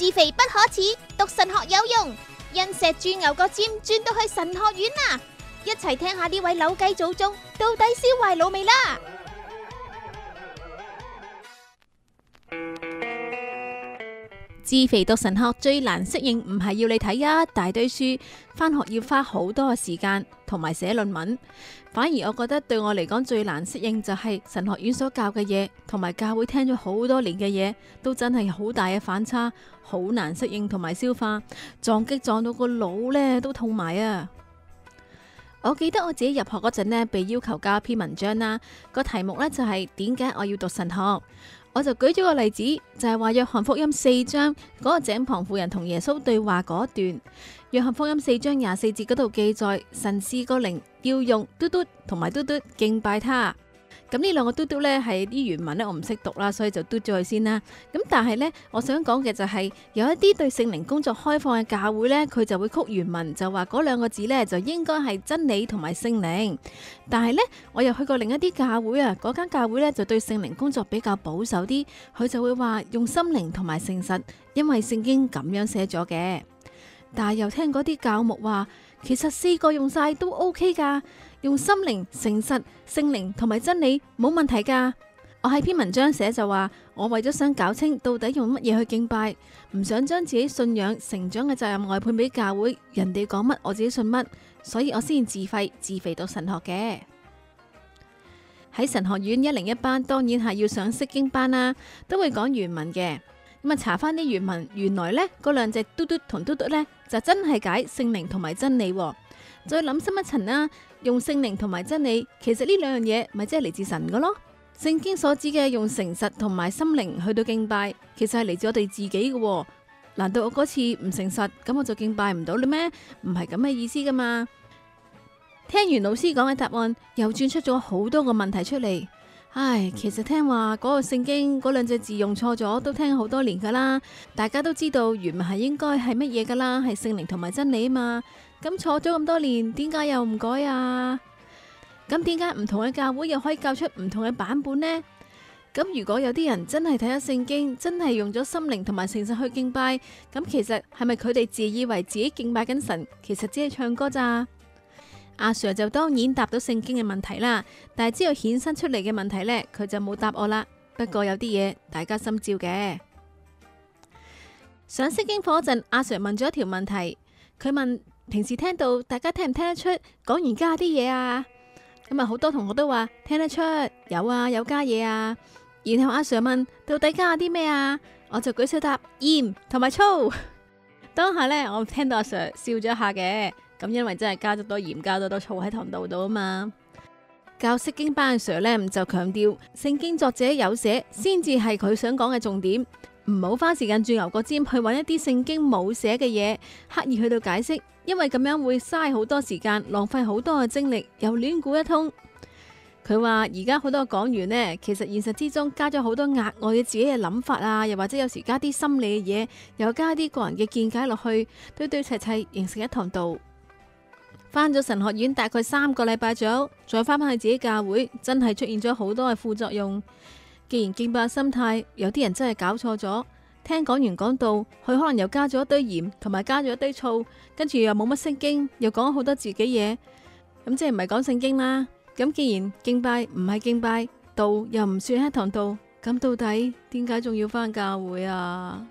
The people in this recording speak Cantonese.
自肥不可恥，讀神學有用。因石鑽牛角尖，轉到去神學院啦！一齊聽下呢位扭計祖宗到底燒壞腦未啦？知肥讀神學最難適應，唔係要你睇一大堆書，返學要花好多嘅時間，同埋寫論文。反而我覺得對我嚟講最難適應就係神學院所教嘅嘢，同埋教會聽咗好多年嘅嘢，都真係好大嘅反差，好難適應同埋消化，撞擊撞到個腦呢都痛埋啊！我記得我自己入學嗰陣呢，被要求教一篇文章啦，個題目呢就係點解我要讀神學。我就舉咗個例子，就係、是、話約翰福音四章嗰、那個井旁婦人同耶穌對話嗰段，約翰福音四章廿四節嗰度記載神係個靈，要用嘟嘟同埋嘟嘟敬拜他。咁呢兩個嘟嘟呢，係啲原文呢，我唔識讀啦，所以就嘟咗佢先啦。咁但係呢，我想講嘅就係，有一啲對聖靈工作開放嘅教會呢，佢就會曲原文，就話嗰兩個字呢，就應該係真理同埋聖靈。但係呢，我又去過另一啲教會啊，嗰間教會呢，就對聖靈工作比較保守啲，佢就會話用心靈同埋誠實，因為聖經咁樣寫咗嘅。但係又聽嗰啲教牧話，其實四個用晒都 OK 噶。用心靈、誠實、聖靈同埋真理冇問題噶。我喺篇文章寫就話，我為咗想搞清到底用乜嘢去敬拜，唔想將自己信仰成長嘅責任外判俾教會，人哋講乜我自己信乜，所以我先自費自費到神學嘅。喺神學院一零一班，當然係要上釋經班啦，都會講原文嘅。咁啊查翻啲原文，原來呢嗰兩隻嘟嘟同嘟嘟呢，就真係解聖靈同埋真理。再諗深一層啦，用聖靈同埋真理，其實呢兩樣嘢咪即係嚟自神嘅咯。聖經所指嘅用誠實同埋心靈去到敬拜，其實係嚟自我哋自己嘅。難道我嗰次唔誠實，咁我就敬拜唔到嘞咩？唔係咁嘅意思噶嘛。聽完老師講嘅答案，又轉出咗好多個問題出嚟。唉，其實聽話嗰個聖經嗰兩隻字用錯咗，都聽好多年噶啦。大家都知道原文係應該係乜嘢噶啦，係聖靈同埋真理嘛。咁錯咗咁多年，點解又唔改啊？咁點解唔同嘅教會又可以教出唔同嘅版本呢？咁如果有啲人真係睇咗聖經，真係用咗心靈同埋誠實去敬拜，咁其實係咪佢哋自以為自己敬拜緊神？其實只係唱歌咋？阿 sir 就當然答到聖經嘅問題啦，但係之後衍生出嚟嘅問題呢，佢就冇答我啦。不過有啲嘢大家心照嘅。上聖經課嗰陣，阿 sir 問咗一條問題，佢問平時聽到大家聽唔聽得出講完加啲嘢啊？咁啊，好多同學都話聽得出，有啊，有加嘢啊。然後阿 sir 問到底加啲咩啊？我就舉手答鹽同埋醋。 當下呢，我聽到阿 sir 笑咗下嘅。咁因為真係加咗多鹽，加咗多醋喺堂道度啊嘛。教釋經班嘅 Sir 咧，就強調，聖經作者有寫，先至係佢想講嘅重點，唔好花時間鑽牛角尖去揾一啲聖經冇寫嘅嘢，刻意去到解釋，因為咁樣會嘥好多時間，浪費好多嘅精力，又亂估一通。佢話而家好多講員呢，其實現實之中加咗好多額外嘅自己嘅諗法啊，又或者有時加啲心理嘅嘢，又加啲個人嘅見解落去，堆堆砌砌形成一堂道。返咗神學院大概三個禮拜左右，再返返去自己教會，真係出現咗好多嘅副作用。既然敬拜心態，有啲人真係搞錯咗。聽講完講道，佢可能又加咗一堆鹽，同埋加咗一堆醋，跟住又冇乜聖經，又講好多自己嘢，咁即係唔係講聖經啦。咁既然敬拜唔係敬拜，道又唔算黑堂道，咁到底點解仲要返教會啊？